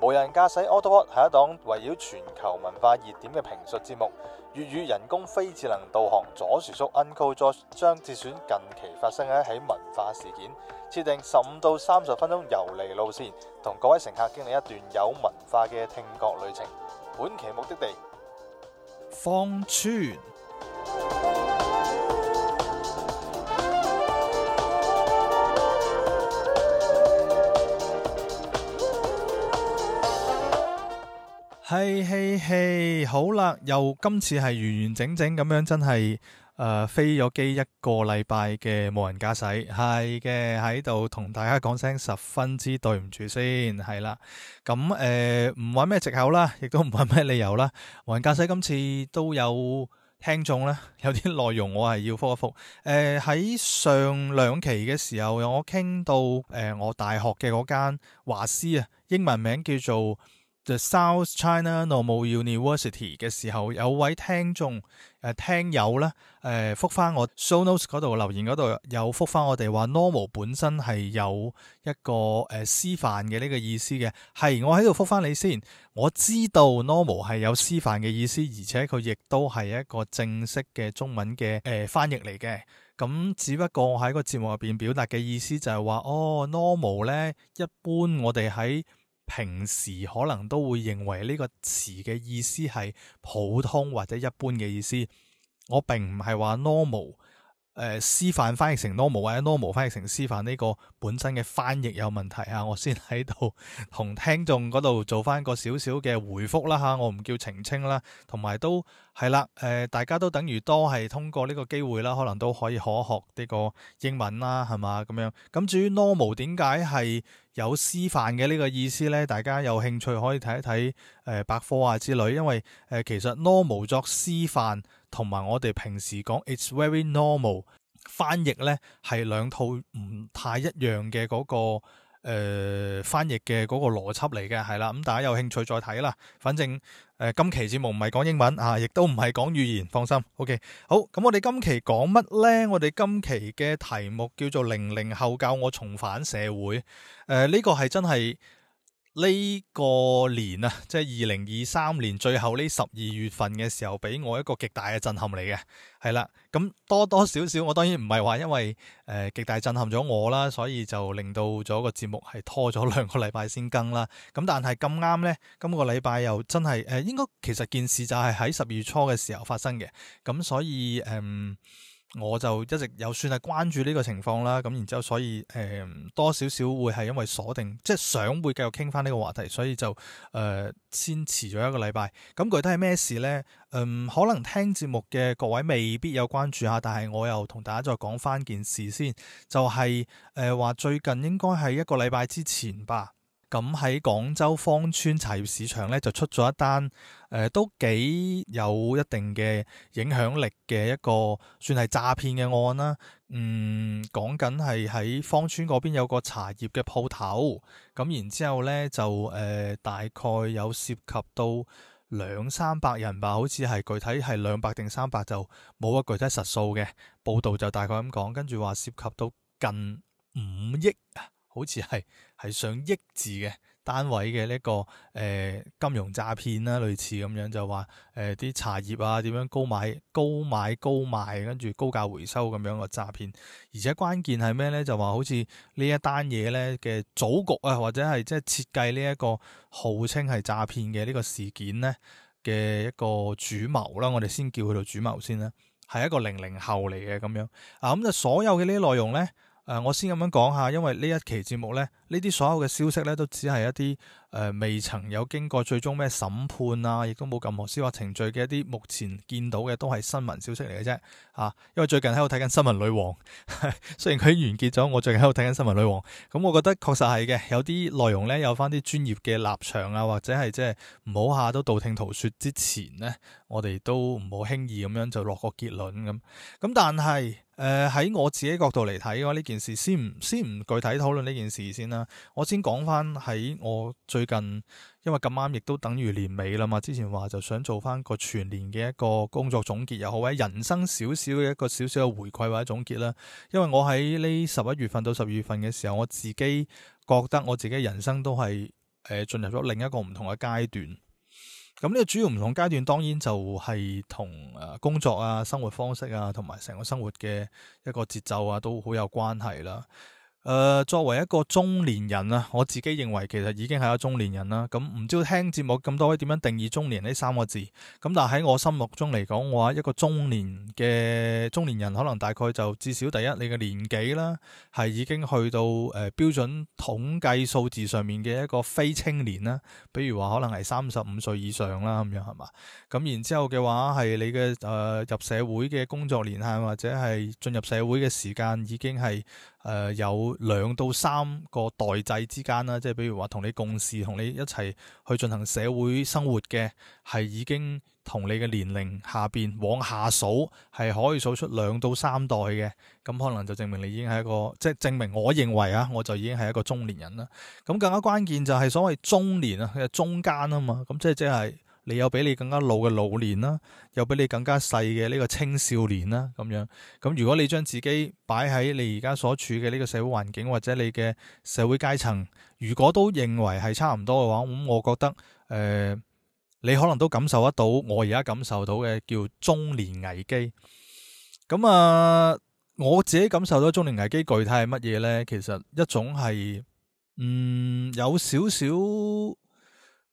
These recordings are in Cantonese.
無人駕駛 AutoPod 係一檔圍繞全球文化熱點嘅評述節目。粵語人工非智能導航左薯叔 Uncle Josh，將節選近期發生嘅一起文化事件。設定十五到三十分鐘遊離路線，同各位乘客經歷一段有文化嘅聽覺旅程。本期目的地：芳村。嘿嘿嘿，好啦，又今次係完完整整咁樣，真係。誒、呃，飛咗機一個禮拜嘅無人駕駛，係嘅，喺度同大家講聲十分之對唔住先，係啦，咁誒唔揾咩藉口啦，亦都唔揾咩理由啦，無人駕駛今次都有聽眾啦，有啲內容我係要覆一覆，誒、呃、喺上兩期嘅時候，我傾到誒、呃、我大學嘅嗰間華師啊，英文名叫做。The South China Normal University 嘅時候，有位聽眾誒、呃、聽友咧，誒，復翻我，Show Notes 嗰度留言，嗰度有復翻我哋話 normal 本身係有一個誒，師範嘅呢個意思嘅，係我喺度復翻你先，我知道 normal 係有師範嘅意思，而且佢亦都係一個正式嘅中文嘅、誒、呃、翻譯嚟嘅，咁只不過我喺個節目入邊表達嘅意思就係話，哦 normal 咧一般我哋喺。平時可能都會認為呢個詞嘅意思係普通或者一般嘅意思，我並唔係話 normal，誒，師範、呃、翻譯成 normal 或、啊、者 normal 翻譯成師範，呢個本身嘅翻譯有問題啊，我先喺度同聽眾嗰度做翻個少少嘅回覆啦吓，我唔叫澄清啦，同埋都係啦，誒、呃，大家都等於多係通過呢個機會啦，可能都可以可學呢個英文啦，係嘛？咁樣。咁至於 normal 點解係有師範嘅呢個意思呢？大家有興趣可以睇一睇誒、呃、百科啊之類，因為誒、呃、其實 normal 作師範。同埋我哋平時講，it's very normal，翻譯呢係兩套唔太一樣嘅嗰、嗰個、呃、翻譯嘅嗰個邏輯嚟嘅，係啦，咁、嗯、大家有興趣再睇啦。反正誒、呃、今期節目唔係講英文啊，亦都唔係講語言，放心。OK，好咁、嗯，我哋今期講乜呢？我哋今期嘅題目叫做零零後教我重返社會。誒呢、呃呢個係真係。呢個年啊，即係二零二三年最後呢十二月份嘅時候，俾我一個極大嘅震撼嚟嘅，係啦。咁多多少少，我當然唔係話因為誒、呃、極大震撼咗我啦，所以就令到咗個節目係拖咗兩個禮拜先更啦。咁但係咁啱呢，今、今個禮拜又真係誒、呃，應該其實件事就係喺十二月初嘅時候發生嘅。咁所以誒。嗯我就一直有算係關注呢個情況啦，咁然之後所以誒、呃、多少少會係因為鎖定，即係想會繼續傾翻呢個話題，所以就誒、呃、先遲咗一個禮拜。咁具體係咩事呢？嗯、呃，可能聽節目嘅各位未必有關注下，但係我又同大家再講翻件事先，就係誒話最近應該係一個禮拜之前吧。咁喺廣州芳村茶葉市場呢，就出咗一單誒、呃，都幾有一定嘅影響力嘅一個算係詐騙嘅案啦。嗯，講緊係喺芳村嗰邊有個茶葉嘅鋪頭，咁然之後呢，就誒、呃，大概有涉及到兩三百人吧，好似係具體係兩百定三百就冇乜具體實數嘅報導，就大概咁講，跟住話涉及到近五億。好似係係上億字嘅單位嘅呢、這個誒、呃、金融詐騙啦，類似咁樣就話誒啲茶葉啊點樣高買高買高賣，跟住高價回收咁樣個詐騙。而且關鍵係咩咧？就話好似呢一單嘢咧嘅組局啊，或者係即係設計呢一個號稱係詐騙嘅呢個事件咧嘅一個主謀啦，我哋先叫佢做主謀先啦，係一個零零後嚟嘅咁樣。啊咁就、嗯、所有嘅呢啲內容咧。誒、呃，我先咁樣講下，因為呢一期節目咧。呢啲所有嘅消息咧，都只係一啲誒、呃、未曾有經過最終咩審判啊，亦都冇任何司法程序嘅一啲目前見到嘅都係新聞消息嚟嘅啫嚇。因為最近喺度睇緊新聞女王，呵呵雖然佢完結咗，我最近喺度睇緊新聞女王。咁、嗯、我覺得確實係嘅，有啲內容咧有返啲專業嘅立場啊，或者係即係唔好下都道聽途說之前呢，我哋都唔好輕易咁樣就落個結論咁。咁、嗯、但係誒喺我自己角度嚟睇嘅話，呢件事先唔先唔具體討論呢件事先啦。我先講翻喺我最近，因為咁啱亦都等於年尾啦嘛。之前話就想做翻個全年嘅一個工作總結，又好或者人生少少嘅一個少少嘅回饋或者總結啦。因為我喺呢十一月份到十二月份嘅時候，我自己覺得我自己人生都係誒、呃、進入咗另一個唔同嘅階段。咁呢個主要唔同階段，當然就係同誒工作啊、生活方式啊，同埋成個生活嘅一個節奏啊，都好有關係啦。誒、呃，作為一個中年人啊，我自己認為其實已經係一個中年人啦。咁、嗯、唔知道聽節目咁多位點樣定義中年呢三個字？咁、嗯、但喺我心目中嚟講嘅話，一個中年嘅中年人可能大概就至少第一，你嘅年紀啦係已經去到誒、呃、標準統計數字上面嘅一個非青年啦。比如話可能係三十五歲以上啦，咁樣係嘛？咁、嗯、然之後嘅話係你嘅誒、呃、入社會嘅工作年限或者係進入社會嘅時間已經係誒、呃、有。兩到三個代際之間啦，即係比如話同你共事、同你一齊去進行社會生活嘅，係已經同你嘅年齡下邊往下數，係可以數出兩到三代嘅，咁可能就證明你已經係一個，即係證明我認為啊，我就已經係一個中年人啦。咁更加關鍵就係所謂中年啊，佢中間啊嘛，咁即係即係。你有比你更加老嘅老年啦，又比你更加細嘅呢個青少年啦，咁樣。咁如果你將自己擺喺你而家所處嘅呢個社會環境或者你嘅社會階層，如果都認為係差唔多嘅話，咁我覺得誒、呃，你可能都感受得到我而家感受到嘅叫中年危機。咁、嗯、啊，我自己感受到中年危機具體係乜嘢呢？其實一種係，嗯，有少少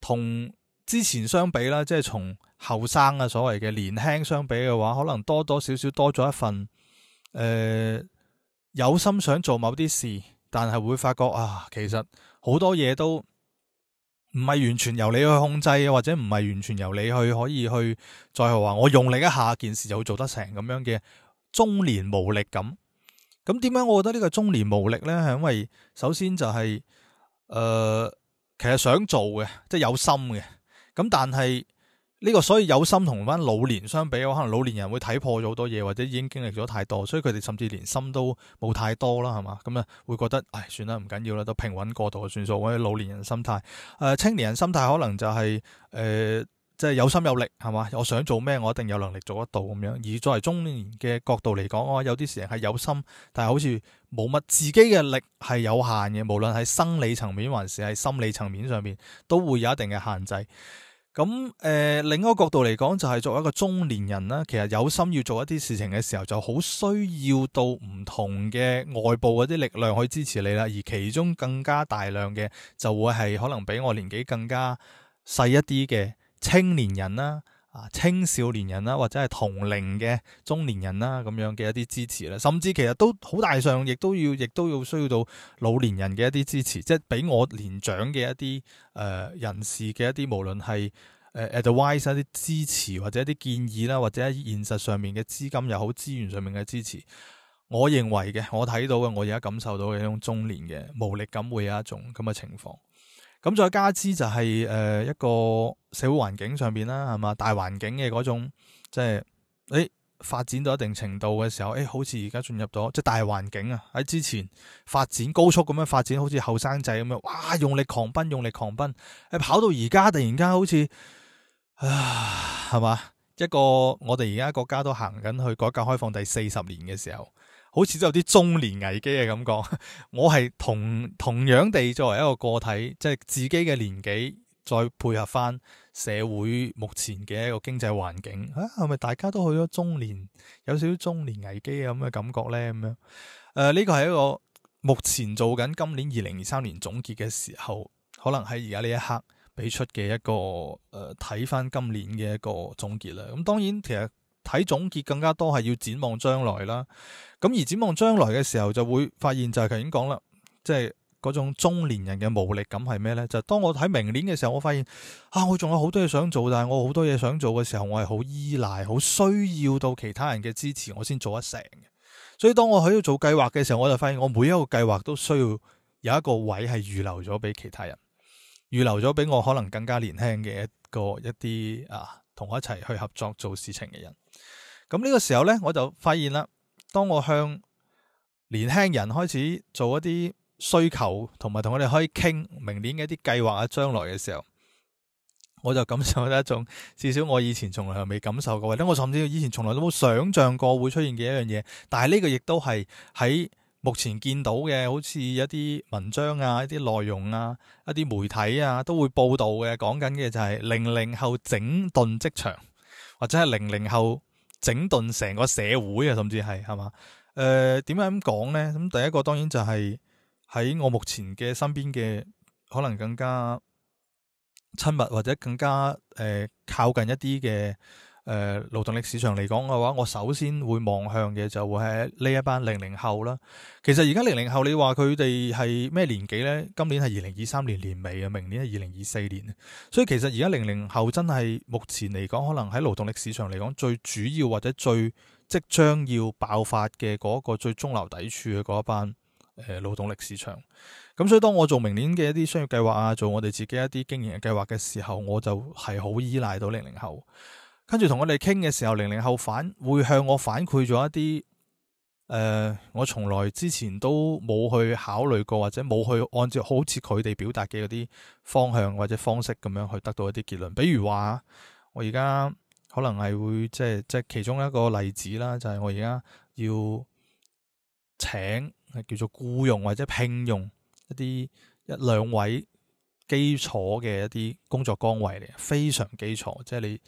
同。之前相比啦，即係從後生啊，所謂嘅年輕相比嘅話，可能多多少少多咗一份誒、呃，有心想做某啲事，但係會發覺啊，其實好多嘢都唔係完全由你去控制，或者唔係完全由你去可以去再係話我用力一下，件事就會做得成咁樣嘅中年無力感。咁點解我覺得呢個中年無力咧？係因為首先就係、是、誒、呃，其實想做嘅，即係有心嘅。咁但係呢、這個所以有心同翻老年相比，我可能老年人會睇破咗好多嘢，或者已經經歷咗太多，所以佢哋甚至連心都冇太多啦，係嘛？咁、嗯、啊會覺得唉、哎，算啦，唔緊要啦，都平穩過渡嘅算數。或者老年人心態，誒、呃，青年人心態可能就係、是、誒，即、呃、係、就是、有心有力，係嘛？我想做咩，我一定有能力做得到咁樣。而作為中年嘅角度嚟講，我、哦、有啲時係有心，但係好似冇乜自己嘅力係有限嘅，無論喺生理層面還是係心理層面上面，都會有一定嘅限制。咁誒、嗯，另一個角度嚟講，就係、是、作為一個中年人啦，其實有心要做一啲事情嘅時候，就好需要到唔同嘅外部嗰啲力量去支持你啦。而其中更加大量嘅，就會係可能比我年紀更加細一啲嘅青年人啦。啊，青少年人啦，或者係同齡嘅中年人啦，咁樣嘅一啲支持咧，甚至其實都好大上，亦都要，亦都要需要到老年人嘅一啲支持，即係俾我年長嘅一啲誒、呃、人士嘅一啲，無論係誒、呃、advice 啲支持或者一啲建議啦，或者喺現實上面嘅資金又好，資源上面嘅支持，我認為嘅，我睇到嘅，我而家感受到嘅一種中年嘅無力感，會有一種咁嘅情況。咁再加之就係、是、誒、呃、一個社會環境上邊啦，係嘛大環境嘅嗰種即係誒、欸、發展到一定程度嘅時候，誒、欸、好似而家進入咗即係大環境啊！喺之前發展高速咁樣發展，好似後生仔咁樣哇用力狂奔，用力狂奔，誒、欸、跑到而家突然間好似啊係嘛一個我哋而家國家都行緊去改革開放第四十年嘅時候。好似都有啲中年危機嘅感覺， 我係同同樣地作為一個個體，即係自己嘅年紀，再配合翻社會目前嘅一個經濟環境，吓，係咪大家都去咗中年，有少少中年危機咁嘅感覺咧？咁樣，誒呢個係一個目前做緊今年二零二三年總結嘅時候，可能喺而家呢一刻俾出嘅一個誒睇翻今年嘅一個總結啦。咁當然其實。睇總結更加多係要展望將來啦。咁而展望將來嘅時候，就會發現就係頭先講啦，即係嗰種中年人嘅無力感係咩呢？就係、當我喺明年嘅時候，我發現啊，我仲有好多嘢想做，但係我好多嘢想做嘅時候，我係好依賴、好需要到其他人嘅支持，我先做得成。所以當我喺度做計劃嘅時候，我就發現我每一個計劃都需要有一個位係預留咗俾其他人，預留咗俾我可能更加年輕嘅一個一啲啊。同我一齊去合作做事情嘅人，咁、這、呢個時候呢，我就發現啦，當我向年輕人開始做一啲需求，同埋同我哋可以傾明年嘅一啲計劃啊，將來嘅時候，我就感受到一種至少我以前從來未感受過，或者我甚至以前從來都冇想象過會出現嘅一樣嘢。但係呢個亦都係喺。目前見到嘅，好似一啲文章啊、一啲內容啊、一啲媒體啊，都會報道嘅，講緊嘅就係零零後整頓職場，或者係零零後整頓成個社會啊，甚至係係嘛？誒點解咁講呢？咁第一個當然就係喺我目前嘅身邊嘅，可能更加親密或者更加誒、呃、靠近一啲嘅。誒、呃，勞動力市場嚟講嘅話，我首先會望向嘅就會係呢一班零零後啦。其實而家零零後，你話佢哋係咩年紀呢？今年係二零二三年年尾啊，明年係二零二四年，所以其實而家零零後真係目前嚟講，可能喺勞動力市場嚟講，最主要或者最即將要爆發嘅嗰一個最中流砥柱嘅嗰一班誒、呃、勞動力市場。咁所以當我做明年嘅一啲商業計劃啊，做我哋自己一啲經營嘅計劃嘅時候，我就係好依賴到零零後。跟住同我哋傾嘅時候，零零後反會向我反饋咗一啲，誒、呃，我從來之前都冇去考慮過，或者冇去按照好似佢哋表達嘅嗰啲方向或者方式咁樣去得到一啲結論。比如話，我而家可能係會即係即係其中一個例子啦，就係、是、我而家要請係叫做僱傭或者聘用一啲一兩位基礎嘅一啲工作崗位嚟，非常基礎，即係你。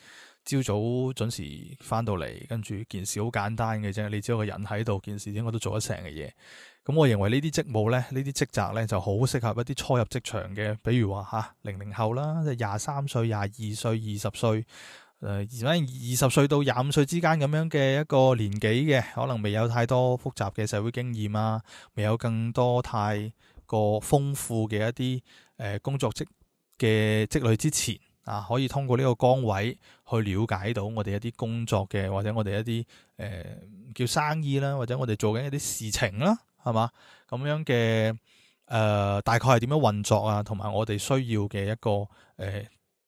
朝早準時翻到嚟，跟住件事好簡單嘅啫，你只要個人喺度，件事應該都做得成嘅嘢。咁我認為呢啲職務呢，呢啲職責呢，就好適合一啲初入職場嘅，比如話吓零零後啦，即係廿三歲、廿二歲、二十歲，誒，而家二十歲到廿五歲之間咁樣嘅一個年紀嘅，可能未有太多複雜嘅社會經驗啊，未有更多太過豐富嘅一啲誒工作職嘅積累之前。啊，可以通過呢個崗位去了解到我哋一啲工作嘅，或者我哋一啲誒、呃、叫生意啦，或者我哋做緊一啲事情啦，係嘛咁樣嘅誒、呃，大概係點樣運作啊？同埋我哋需要嘅一個誒、呃、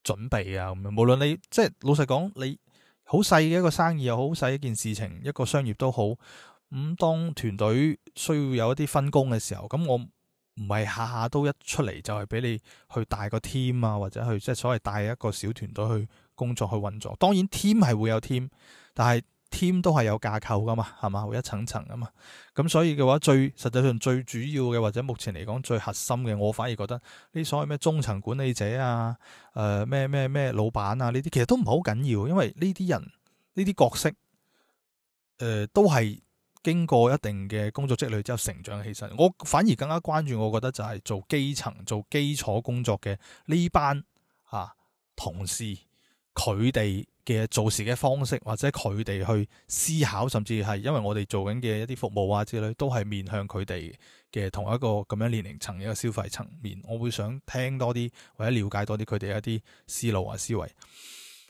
準備啊，咁樣無論你即係老實講，你好細嘅一個生意又好，好細一件事情，情一個商業都好，咁、嗯、當團隊需要有一啲分工嘅時候，咁我。唔係下下都一出嚟就係俾你去帶個 team 啊，或者去即係所謂帶一個小團隊去工作去運作。當然 team 係會有 team，但係 team 都係有架構噶嘛，係嘛會一層層噶嘛。咁所以嘅話最實際上最主要嘅或者目前嚟講最核心嘅，我反而覺得呢所謂咩中層管理者啊，誒咩咩咩老闆啊呢啲，其實都唔係好緊要，因為呢啲人呢啲角色誒、呃、都係。經過一定嘅工作積累之後成長起身，我反而更加關注，我覺得就係做基層、做基礎工作嘅呢班啊同事，佢哋嘅做事嘅方式，或者佢哋去思考，甚至係因為我哋做緊嘅一啲服務啊之類，都係面向佢哋嘅同一個咁樣年齡層嘅一個消費層面，我會想聽多啲或者了解多啲佢哋一啲思路啊思維。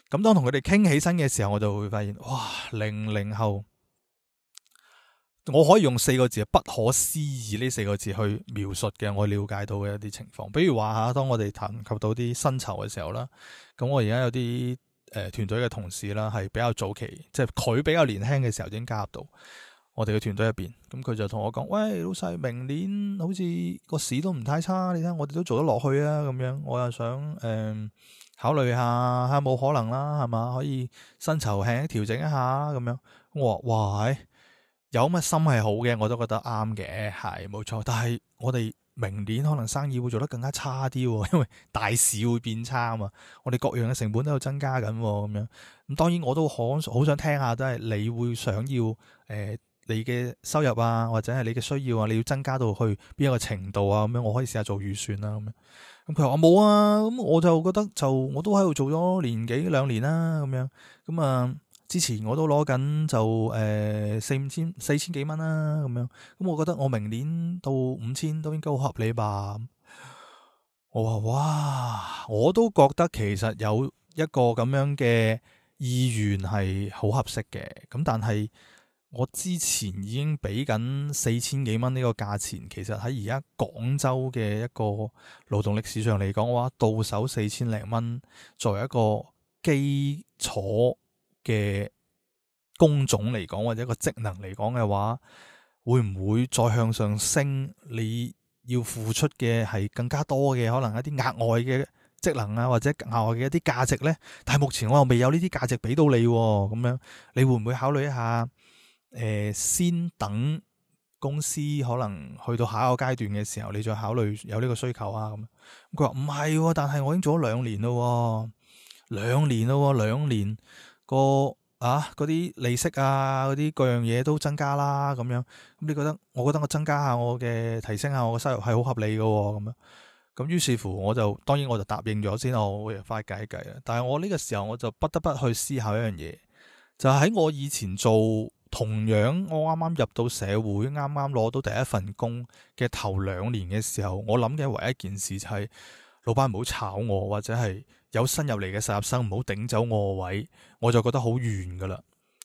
咁當同佢哋傾起身嘅時候，我就會發現，哇，零零後。我可以用四個字，不可思議呢四個字去描述嘅，我了解到嘅一啲情況。比如話吓，當我哋談及到啲薪酬嘅時候啦，咁我而家有啲誒、呃、團隊嘅同事啦，係比較早期，即係佢比較年輕嘅時候已經加入到我哋嘅團隊入邊。咁佢就同我講：喂，老細，明年好似個市都唔太差，你睇我哋都做得落去啊。咁樣，我又想誒、呃、考慮下，下、啊、冇可能啦，係嘛？可以薪酬輕輕調整一下咁樣。我話：哇，有乜心係好嘅，我都覺得啱嘅，係冇錯。但係我哋明年可能生意會做得更加差啲喎，因為大市會變差啊嘛。我哋各樣嘅成本都有增加緊，咁樣咁當然我都好好想聽下，都係你會想要誒、呃、你嘅收入啊，或者係你嘅需要啊，你要增加到去邊一個程度啊？咁樣我可以試下做預算啦。咁樣咁佢話我冇啊，咁、啊、我就覺得就我都喺度做咗年幾兩年啦，咁樣咁啊。之前我都攞緊就誒四五千四千幾蚊啦，咁樣咁，我覺得我明年到五千都應該好合理吧。我話：哇，我都覺得其實有一個咁樣嘅意願係好合適嘅。咁但係我之前已經俾緊四千幾蚊呢個價錢，其實喺而家廣州嘅一個勞動力市場嚟講嘅話，到手四千零蚊作為一個基礎。嘅工種嚟講，或者一個職能嚟講嘅話，會唔會再向上升？你要付出嘅係更加多嘅，可能一啲額外嘅職能啊，或者額外嘅一啲價值呢。但係目前我又未有呢啲價值俾到你，啊，咁樣你會唔會考慮一下？誒、呃，先等公司可能去到下一個階段嘅時候，你再考慮有呢個需求啊？咁佢話唔係，但係我已經做咗兩年咯，啊，兩年咯，啊，兩年。個啊嗰啲利息啊嗰啲各樣嘢都增加啦咁樣，咁你覺得？我覺得我增加下我嘅，提升下我嘅收入係好合理嘅喎、哦，咁樣咁於是乎我就當然我就答應咗先，我快計一計。但係我呢個時候我就不得不去思考一樣嘢，就喺、是、我以前做同樣，我啱啱入到社會，啱啱攞到第一份工嘅頭兩年嘅時候，我諗嘅唯一一件事就係老闆唔好炒我或者係。有新入嚟嘅實習生唔好頂走我位，我就覺得好怨㗎啦。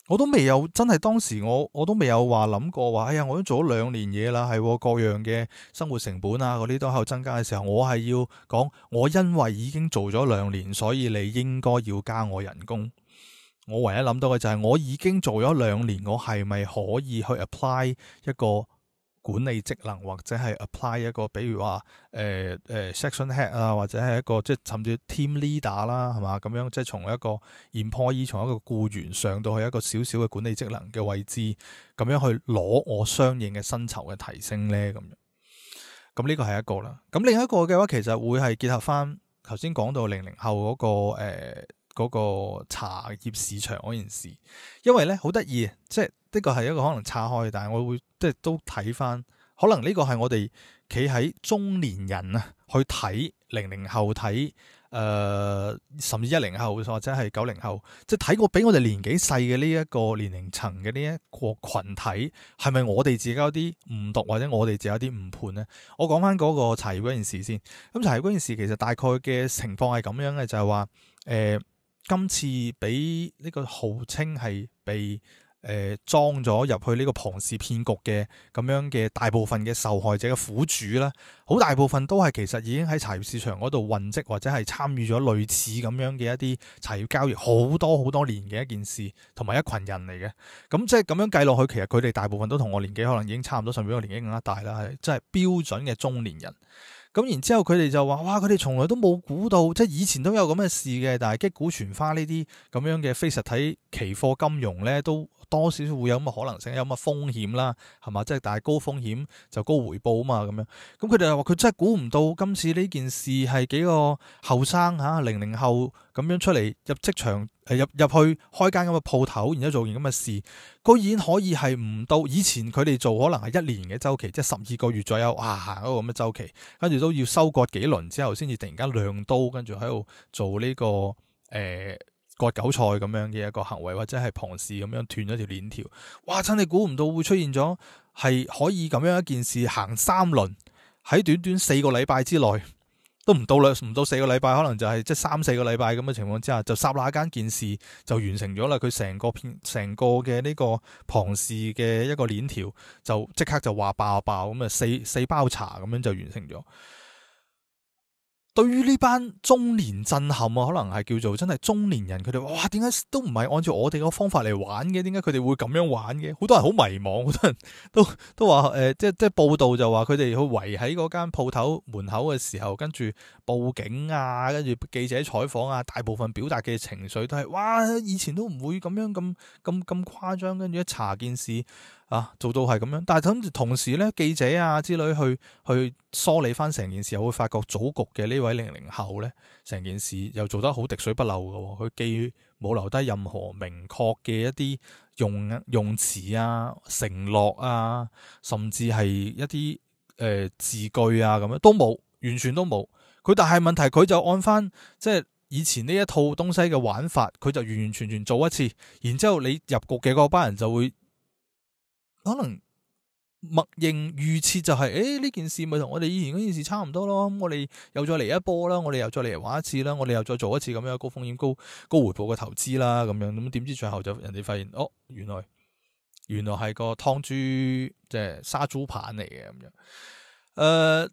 我都未有真係當時我我都未有話諗過話，哎呀，我都、哎、我做咗兩年嘢啦，係各樣嘅生活成本啊嗰啲都有增加嘅時候，我係要講我因為已經做咗兩年，所以你應該要加我人工。我唯一諗到嘅就係、是、我已經做咗兩年，我係咪可以去 apply 一個？管理職能或者係 apply 一個， 比如話誒誒 section head 啊，或者係一個即係甚至 team leader 啦，係嘛，咁樣，即係從一個 employee 從一個僱員上到去一個小小嘅管理職能嘅位置，咁樣去攞我相應嘅薪酬嘅提升咧，咁樣。咁呢個係一個啦。咁另一個嘅話，其實會係結合翻頭先講到零零後嗰個、呃嗰個茶葉市場嗰件事，因為咧好得意，即係呢個係一個可能岔開，但係我會即係都睇翻，可能呢個係我哋企喺中年人啊去睇零零後睇，誒、呃、甚至一零後或者係九零後，即係睇過比我哋年紀細嘅呢一個年齡層嘅呢一個群體，係咪我哋自己有啲誤讀或者我哋自己有啲誤判咧？我講翻嗰個茶葉嗰件事先。咁茶葉嗰件事其實大概嘅情況係咁樣嘅，就係話誒，呃今次俾呢個號稱係被誒裝咗入去呢個龐氏騙局嘅咁樣嘅大部分嘅受害者嘅苦主啦，好大部分都係其實已經喺茶葉市場嗰度混跡或者係參與咗類似咁樣嘅一啲茶葉交易好多好多年嘅一件事，同埋一群人嚟嘅。咁、嗯、即係咁樣計落去，其實佢哋大部分都同我年紀可能已經差唔多上，甚至比我年紀更加大啦，係即係標準嘅中年人。咁然之後佢哋就話，哇！佢哋從來都冇估到，即係以前都有咁嘅事嘅，但係擊鼓傳花呢啲咁樣嘅非實體期貨金融咧，都多少少會有咁嘅可能性，有咁嘅風險啦，係嘛？即係但係高風險就高回報啊嘛，咁樣。咁佢哋又話佢真係估唔到今次呢件事係幾個後生吓零零後咁樣出嚟入職場。入入去開間咁嘅鋪頭，然之後做完咁嘅事，居然可以係唔到以前佢哋做可能係一年嘅周期，即係十二個月左右啊，行嗰個咁嘅周期，跟住都要收割幾輪之後，先至突然間亮刀，跟住喺度做呢、呢個誒、呃、割韭菜咁樣嘅一個行為，或者係龐氏咁樣斷咗條鏈條，哇！真係估唔到會出現咗係可以咁樣一件事行三輪，喺短短四個禮拜之內。都唔到兩唔到四個禮拜，可能就係即三四個禮拜咁嘅情況之下，就剎那間件事就完成咗啦。佢成個片成個嘅呢個龐氏嘅一個鏈條，就即刻就話爆爆咁啊，四四包茶咁樣就完成咗。對於呢班中年震撼啊，可能係叫做真係中年人，佢哋哇點解都唔係按照我哋個方法嚟玩嘅？點解佢哋會咁樣玩嘅？好多人好迷茫，好多人都都話誒、呃，即即報道就話佢哋去圍喺嗰間鋪頭門口嘅時候，跟住報警啊，跟住記者採訪啊，大部分表達嘅情緒都係哇，以前都唔會咁樣咁咁咁誇張，跟住一查一件事。啊，做到係咁樣，但係咁同時呢，記者啊之類去去梳理翻成件事，我會發覺組局嘅呢位零零後呢，成件事又做得好滴水不漏嘅喎。佢既冇留低任何明確嘅一啲用用詞啊、承諾啊，甚至係一啲誒字句啊，咁樣都冇，完全都冇。佢但係問題，佢就按翻即係以前呢一套東西嘅玩法，佢就完完全全做一次，然之後你入局嘅嗰班人就會。可能默認預設就係，誒呢件事咪同我哋以前嗰件事差唔多咯，咁我哋又再嚟一波啦，我哋又再嚟玩一次啦，我哋又再做一次咁樣高風險、高高回報嘅投資啦，咁樣咁點知最後就人哋發現，哦原來原來係個劏豬即係殺豬盤嚟嘅咁樣。誒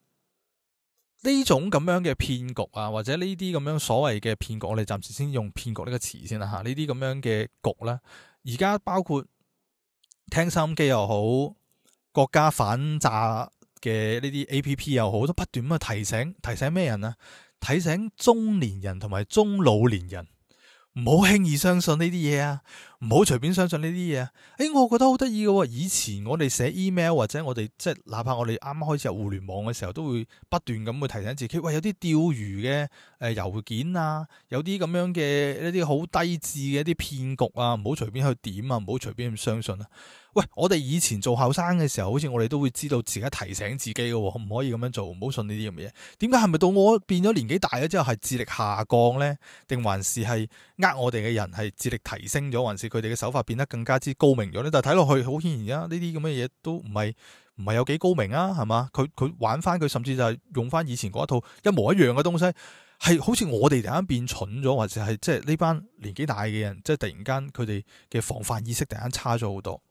呢種咁樣嘅騙局啊，或者呢啲咁樣所謂嘅騙局，我哋暫時先用騙局呢個詞先啦吓，呢啲咁樣嘅局咧，而家包括。聽收音機又好，國家反詐嘅呢啲 App 又好，都不斷咁提醒，提醒咩人啊？提醒中年人同埋中老年人，唔好輕易相信呢啲嘢啊！唔好隨便相信呢啲嘢啊！誒，我覺得好得意嘅喎。以前我哋寫 email 或者我哋即係哪怕我哋啱啱開始有互聯網嘅時候，都會不斷咁會提醒自己。喂，有啲釣魚嘅誒郵件啊，有啲咁樣嘅一啲好低智嘅一啲騙局啊，唔好隨便去點啊，唔好隨便咁相信啊。喂，我哋以前做後生嘅時候，好似我哋都會知道自己提醒自己嘅喎，哦，唔可以咁樣做，唔好信呢啲咁嘅嘢。點解係咪到我變咗年紀大咗之後係智力下降呢？定還是係呃我哋嘅人係智力提升咗，還是？佢哋嘅手法變得更加之高明咗咧，但係睇落去好顯然啊，呢啲咁嘅嘢都唔係唔係有幾高明啊，係嘛？佢佢玩翻佢，甚至就係用翻以前嗰一套一模一樣嘅東西，係好似我哋突然間變蠢咗，或者係即係呢班年紀大嘅人，即係突然間佢哋嘅防範意識突然間差咗好多。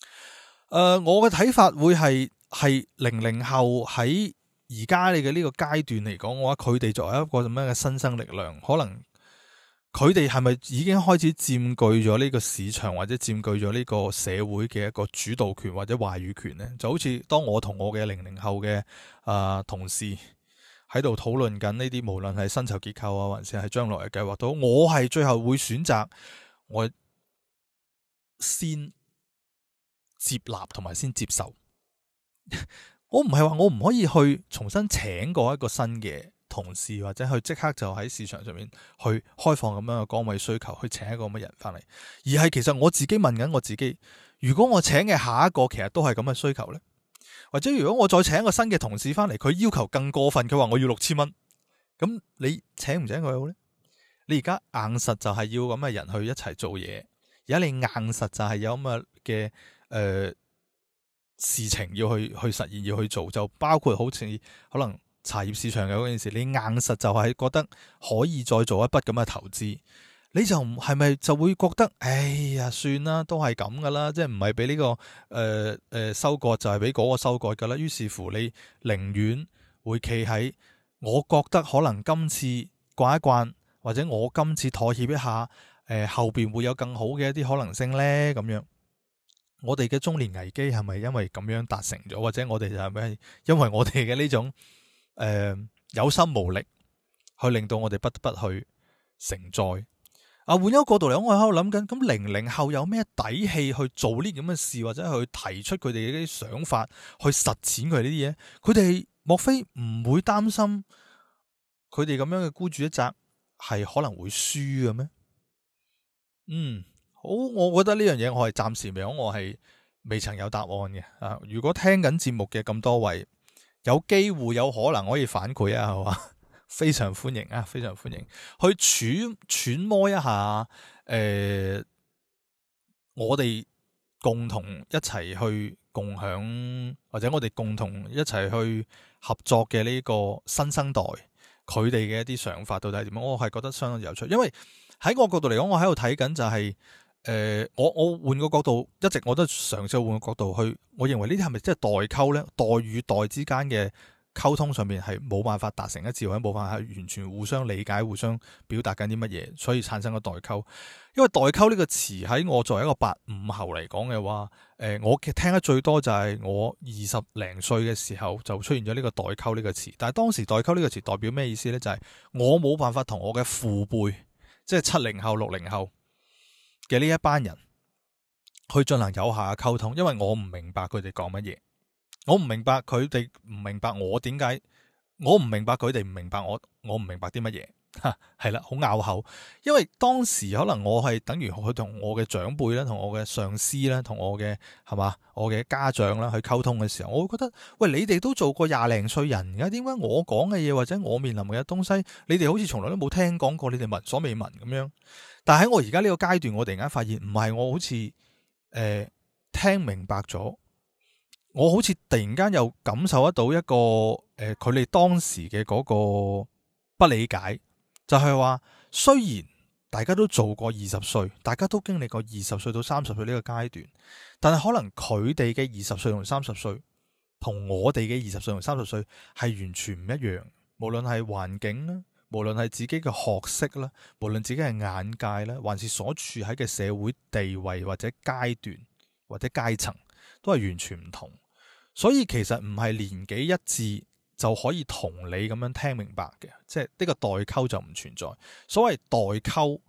誒、呃，我嘅睇法會係係零零後喺而家你嘅呢個階段嚟講嘅話，佢哋作為一個咁樣嘅新生力量，可能。佢哋係咪已經開始佔據咗呢個市場，或者佔據咗呢個社會嘅一個主導權或者話語權咧？就好似當我同我嘅零零後嘅啊、呃、同事喺度討論緊呢啲，無論係薪酬結構啊，還是係將來嘅計劃都，到我係最後會選擇我先接納同埋先接受。 我唔係話我唔可以去重新請過一個新嘅。同事或者佢即刻就喺市場上面去開放咁樣嘅崗位需求，去請一個咁嘅人翻嚟。而係其實我自己問緊我自己：如果我請嘅下一個其實都係咁嘅需求咧，或者如果我再請一個新嘅同事翻嚟，佢要求更過分，佢話我要六千蚊，咁你請唔請佢好咧？你而家硬實就係要咁嘅人去一齊做嘢。而家你硬實就係有咁嘅嘅誒事情要去去實現要去做，就包括好似可能。茶葉市場嘅嗰件事，你硬實就係覺得可以再做一筆咁嘅投資，你就係咪就會覺得哎呀，算啦，都係咁噶啦，即係唔係俾呢個誒誒、呃呃、收割就係俾嗰個收割噶啦？於是乎你寧願會企喺我覺得可能今次乖一乖，或者我今次妥協一下誒、呃，後邊會有更好嘅一啲可能性呢。咁樣。我哋嘅中年危機係咪因為咁樣達成咗，或者我哋就係咪因為我哋嘅呢種？誒、呃，有心無力去令到我哋不得不去承載。啊，換一個角度嚟講，我喺度諗緊，咁零零後有咩底氣去做呢咁嘅事，或者去提出佢哋嘅啲想法去實踐佢呢啲嘢？佢哋莫非唔會擔心佢哋咁樣嘅孤注一擲係可能會輸嘅咩？嗯，好，我覺得呢樣嘢我係暫時未，我係未曾有答案嘅啊。如果聽緊節目嘅咁多位。有機會有可能可以反饋啊，係嘛？ 非常歡迎啊，非常歡迎去揣揣摩一下，誒、呃，我哋共同一齊去共享，或者我哋共同一齊去合作嘅呢個新生代，佢哋嘅一啲想法到底係點樣？我係覺得相當有趣，因為喺我角度嚟講，我喺度睇緊就係、是。誒、呃，我我換個角度，一直我都嘗試換個角度去，我認為呢啲係咪即係代溝呢？代與代之間嘅溝通上面係冇辦法達成一致，或者冇辦法完全互相理解、互相表達緊啲乜嘢，所以產生個代溝。因為代溝呢個詞喺我作為一個八五後嚟講嘅話，誒、呃，我嘅聽得最多就係我二十零歲嘅時候就出現咗呢個代溝呢個詞。但係當時代溝呢個詞代表咩意思呢？就係、是、我冇辦法同我嘅父輩，即係七零後、六零後。嘅呢一班人去進行有效嘅溝通，因為我唔明白佢哋講乜嘢，我唔明白佢哋唔明白我點解，我唔明白佢哋唔明白我，我唔明白啲乜嘢，哈係啦，好拗口。因為當時可能我係等於去同我嘅長輩啦，同我嘅上司啦，同我嘅係嘛，我嘅家長啦去溝通嘅時候，我會覺得喂，你哋都做過廿零歲人，而家點解我講嘅嘢或者我面臨嘅東西，你哋好似從來都冇聽講過，你哋聞所未聞咁樣。但喺我而家呢個階段，我突然間發現，唔係我好似誒、呃、聽明白咗，我好似突然間又感受得到一個誒，佢、呃、哋當時嘅嗰個不理解，就係、是、話雖然大家都做過二十歲，大家都經歷過二十歲到三十歲呢個階段，但係可能佢哋嘅二十歲同三十歲同我哋嘅二十歲同三十歲係完全唔一樣，無論係環境呢。無論係自己嘅學識啦，無論自己嘅眼界咧，還是所處喺嘅社會地位或者階段或者階層，都係完全唔同。所以其實唔係年紀一致就可以同你咁樣聽明白嘅，即係呢個代溝就唔存在。所謂代溝，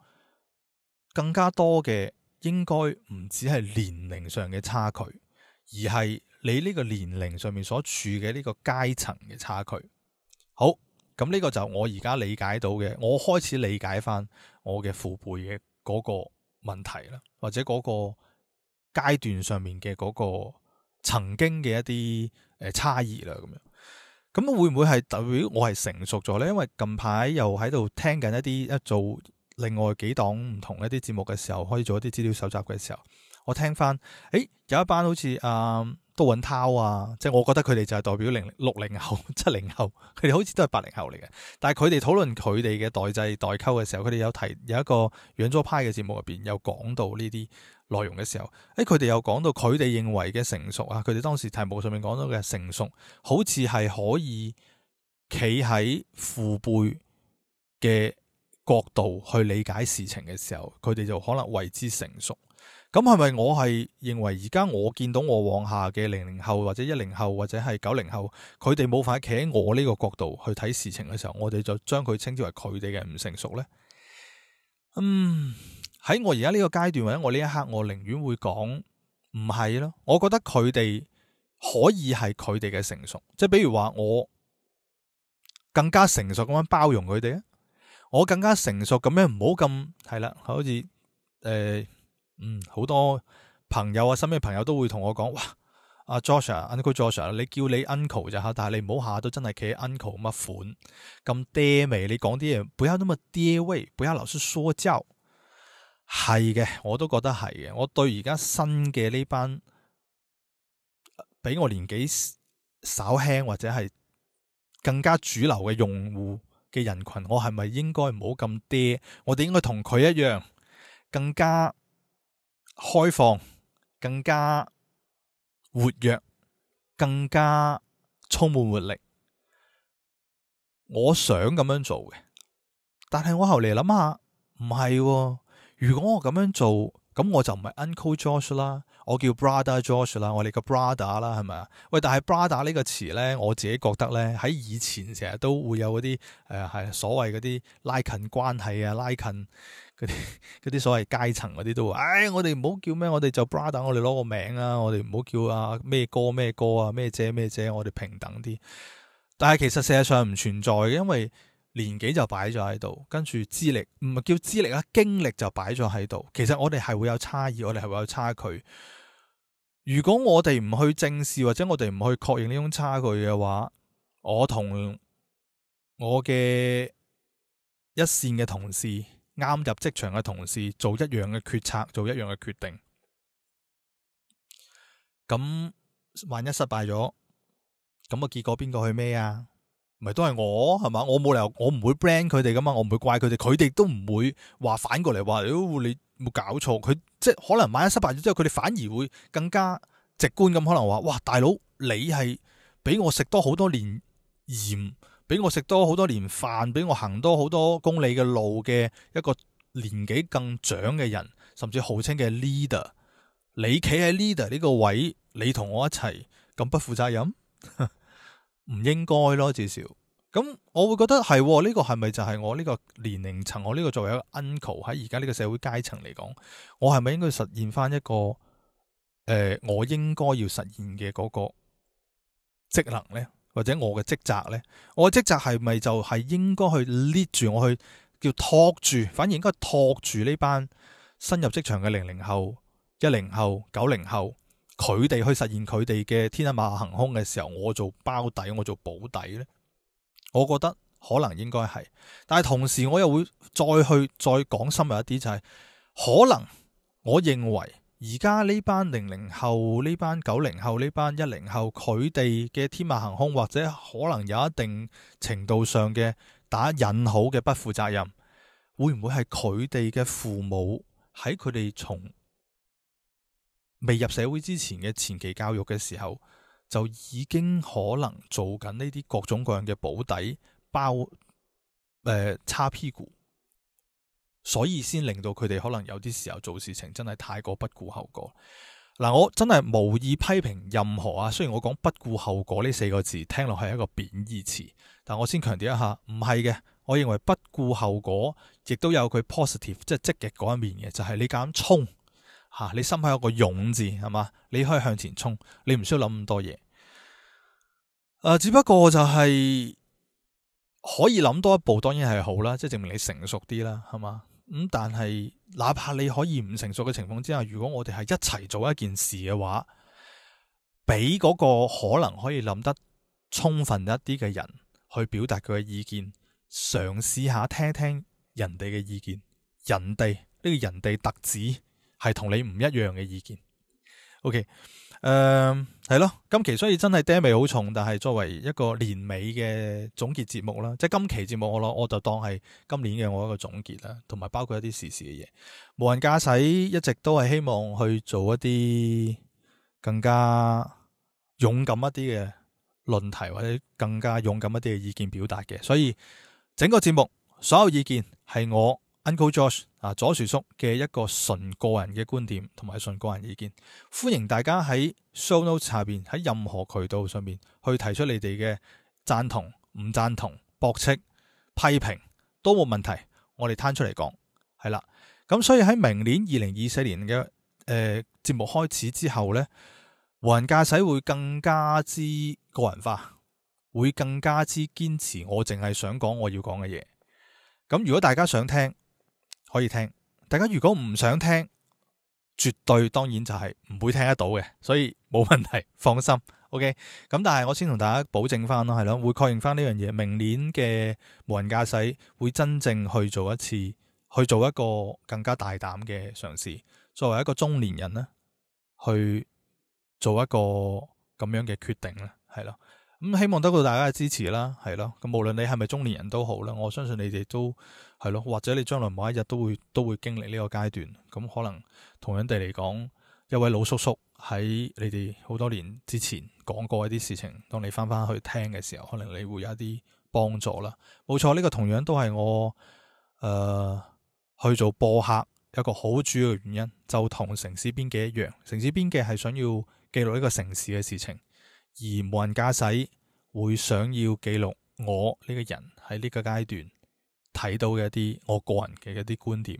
更加多嘅應該唔只係年齡上嘅差距，而係你呢個年齡上面所處嘅呢個階層嘅差距。好。咁呢個就我而家理解到嘅，我開始理解翻我嘅父輩嘅嗰個問題啦，或者嗰個階段上面嘅嗰個曾經嘅一啲誒差異啦，咁樣咁會唔會係代表我係成熟咗呢？因為近排又喺度聽緊一啲一做另外幾檔唔同一啲節目嘅時候，可以做一啲資料搜集嘅時候，我聽翻，誒有一班好似啊～、呃都揾濤啊！即係我覺得佢哋就係代表零六零後七零後，佢哋好似都係八零後嚟嘅。但係佢哋討論佢哋嘅代際代溝嘅時候，佢哋有提有一個養咗派嘅節目入邊有講到呢啲內容嘅時候，誒佢哋又講到佢哋認為嘅成熟啊，佢哋當時題目上面講到嘅成熟，好似係可以企喺父輩嘅角度去理解事情嘅時候，佢哋就可能為之成熟。咁係咪我係認為而家我見到我往下嘅零零後或者一零後或者係九零後，佢哋冇法企喺我呢個角度去睇事情嘅時候，我哋就將佢稱之為佢哋嘅唔成熟呢？嗯，喺我而家呢個階段或者我呢一刻，我寧願會講唔係咯。我覺得佢哋可以係佢哋嘅成熟，即係比如話我更加成熟咁樣包容佢哋啊，我更加成熟咁樣唔好咁係啦，好似誒。欸嗯，好多朋友啊，身邊朋友都會同我講，哇，阿 Joshua 你叫你 Uncle 就吓，但係你唔好下到真係企 Uncle 咁款，咁爹味。你講啲嘢不要那麼爹味，不要老是說教。係嘅，我都覺得係嘅。我對而家新嘅呢班比我年紀稍輕或者係更加主流嘅用戶嘅人群，我係咪應該唔好咁爹？我哋應該同佢一樣，更加。開放，更加活躍，更加充滿活力。我想咁樣做嘅，但係我後嚟諗下，唔係。如果我咁樣做，咁我就唔係 Uncle Josh 啦，我叫 Brother Josh 啦，我哋個 Brother 啦，係咪啊？喂，但係 Brother 呢個詞呢，我自己覺得呢，喺以前成日都會有嗰啲誒，係、呃、所謂嗰啲拉近關係啊，拉近。嗰啲嗰啲所謂階層嗰啲都話，唉、哎，我哋唔好叫咩，我哋就 brother，我哋攞個名啊，我哋唔好叫啊咩哥咩哥啊，咩姐咩姐，我哋平等啲。但係其實事實上唔存在嘅，因為年紀就擺咗喺度，跟住資歷唔係叫資歷啊，經歷就擺咗喺度。其實我哋係會有差異，我哋係會有差距。如果我哋唔去正視或者我哋唔去確認呢種差距嘅話，我同我嘅一線嘅同事。啱入職場嘅同事做一樣嘅決策，做一樣嘅決定，咁萬一失敗咗，咁個結果邊個去咩啊？唔係都係我係嘛？我冇理由，我唔會 blame 佢哋噶嘛，我唔會怪佢哋，佢哋都唔會話反過嚟話，你冇搞錯，佢即係可能萬一失敗咗之後，佢哋反而會更加直觀咁可能話，哇，大佬你係俾我食多好多年鹽，俾我食多好多年飯，俾我行多好多公里嘅路嘅一個年紀更長嘅人，甚至號稱嘅 leader，你企喺 leader 呢個位，你同我一齊咁不負責任，唔 應該咯至少。咁我會覺得係呢、哦這個係咪就係我呢個年齡層，我呢個作為一個 uncle 喺而家呢個社會階層嚟講，我係咪應該實現翻一個誒、呃、我應該要實現嘅嗰個職能呢？或者我嘅職責呢？我嘅職責係咪就係應該去 lead 住我，我去叫托住，反而應該托住呢班新入職場嘅零零後、一零後、九零後，佢哋去實現佢哋嘅天馬行空嘅時候，我做包底，我做保底呢？我覺得可能應該係，但係同時我又會再去再講深入一啲、就是，就係可能我認為。而家呢班零零後、呢班九零後、呢班一零後，佢哋嘅天馬行空，或者可能有一定程度上嘅打引號嘅不負責任，會唔會係佢哋嘅父母喺佢哋從未入社會之前嘅前期教育嘅時候就已經可能做緊呢啲各種各樣嘅保底包誒擦屁股？所以先令到佢哋可能有啲時候做事情真係太過不顧後果。嗱、啊，我真係無意批評任何啊。雖然我講不顧後果呢四個字聽落係一個貶義詞，但我先強調一下，唔係嘅。我認為不顧後果亦都有佢 positive，即係積極嗰一面嘅，就係、是、你敢衝吓、啊，你心口有個勇字係嘛，你可以向前衝，你唔需要諗咁多嘢。誒、啊，只不過就係、是、可以諗多一步，當然係好啦，即係證明你成熟啲啦，係嘛。咁但係哪怕你可以唔成熟嘅情況之下，如果我哋係一齊做一件事嘅話，俾嗰個可能可以諗得充分一啲嘅人去表達佢嘅意見，嘗試下聽聽人哋嘅意見，人哋呢個人哋特指係同你唔一樣嘅意見。OK，誒、呃。係咯，今期雖然真係爹味好重，但係作為一個年尾嘅總結節目啦，即係今期節目我攞我就當係今年嘅我一個總結啦，同埋包括一啲時事嘅嘢。無人駕駛一直都係希望去做一啲更加勇敢一啲嘅論題，或者更加勇敢一啲嘅意見表達嘅，所以整個節目所有意見係我 Uncle Josh 啊，左薯叔嘅一個純個人嘅觀點同埋純個人意見，歡迎大家喺 show notes 下邊喺任何渠道上面去提出你哋嘅贊同、唔贊同、駁斥、批評都冇問題，我哋攤出嚟講係啦。咁所以喺明年二零二四年嘅誒節目開始之後呢，無人駕駛會更加之個人化，會更加之堅持我淨係想講我要講嘅嘢。咁如果大家想聽，可以聽，大家如果唔想聽，絕對當然就係唔會聽得到嘅，所以冇問題，放心。OK，咁但係我先同大家保證翻咯，係咯，會確認翻呢樣嘢。明年嘅無人駕駛會真正去做一次，去做一個更加大膽嘅嘗試。作為一個中年人呢，去做一個咁樣嘅決定咧，係咯。咁希望得到大家嘅支持啦，係咯。咁無論你係咪中年人都好啦，我相信你哋都係咯，或者你將來某一日都會都會經歷呢個階段。咁可能同樣地嚟講，一位老叔叔喺你哋好多年之前講過一啲事情，當你翻翻去聽嘅時候，可能你會有一啲幫助啦。冇錯，呢、這個同樣都係我誒、呃、去做播客一個好主要嘅原因，就同城市編輯一樣，城市編輯係想要記錄一個城市嘅事情。而無人駕駛會想要記錄我呢個人喺呢個階段睇到嘅一啲我個人嘅一啲觀點，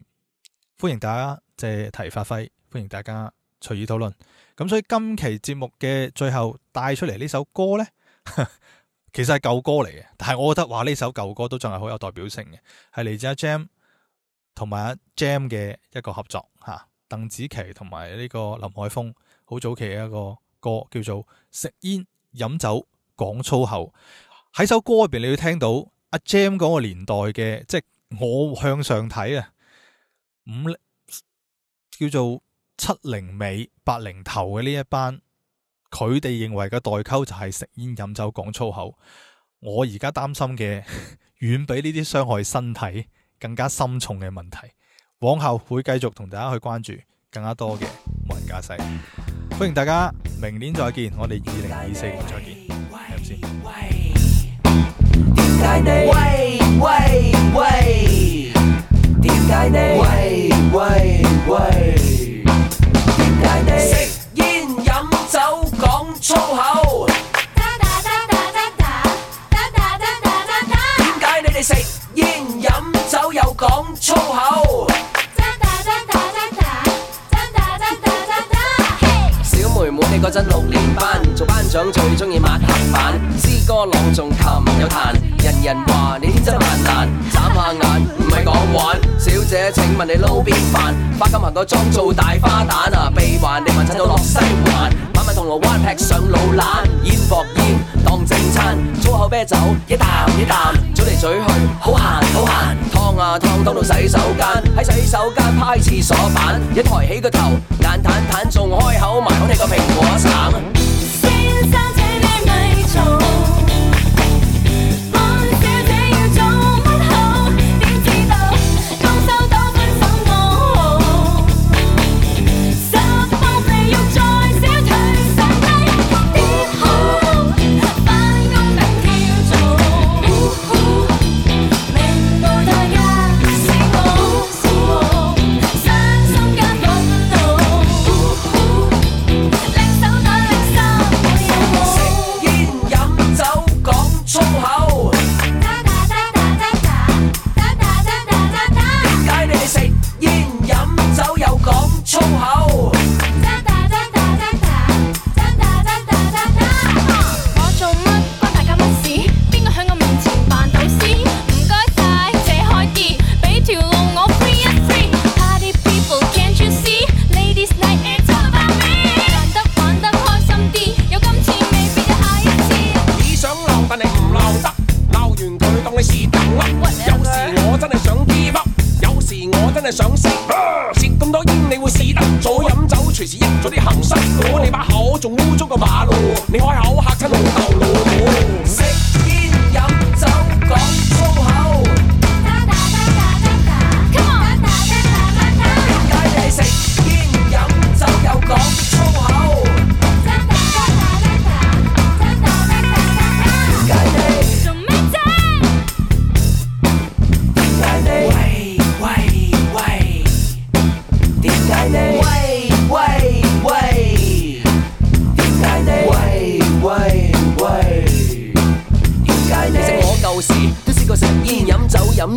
歡迎大家借題發揮，歡迎大家隨意討論。咁所以今期節目嘅最後帶出嚟呢首歌呢， 其實係舊歌嚟嘅，但係我覺得話呢首舊歌都仲係好有代表性嘅，係嚟自阿、啊、Jam 同埋阿 Jam 嘅一個合作吓、啊，鄧紫棋同埋呢個林海峰好早期嘅一個歌叫做食煙飲酒講粗口，喺首歌入邊，你要聽到阿 Jam 嗰個年代嘅，即係我向上睇啊，五叫做七零尾八零頭嘅呢一班，佢哋認為嘅代溝就係食煙飲酒講粗口。我而家擔心嘅 遠比呢啲傷害身體更加深重嘅問題，往後會繼續同大家去關注更加多嘅無人駕駛。歡迎大家，明年再見，我哋二零二四年再見。喂喂喂？點解你？喂喂喂，點解你？喂喂喂，點解你？食煙飲酒講粗口，點解你哋食煙飲酒又講粗口？細個陣，六年班，做班長，最中意抹黑板，詩歌朗誦琴有彈。人人話你天真爛漫，眨下眼唔係講玩。小姐請問你撈邊飯？花咁行個莊做大花旦啊，鼻環你還襯到落西環，晚晚銅鑼灣劈上老懶，煙薄煙當正餐，粗口啤酒一啖一啖，嘴嚟嘴去好閒好閒，劏啊劏劏到洗手間，喺洗手間拍廁所板，一抬起個頭眼淡淡，淡，仲開口埋口你個蘋果橙。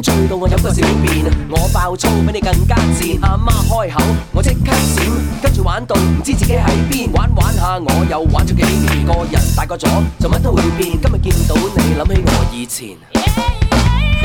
醉到我飲個小便，我爆粗比你更加賤。阿媽開口，我即刻閃，跟住玩到唔知自己喺邊。玩玩下我又玩咗幾年，個人大個咗就乜都會變。今日見到你諗起我以前。Yeah, yeah.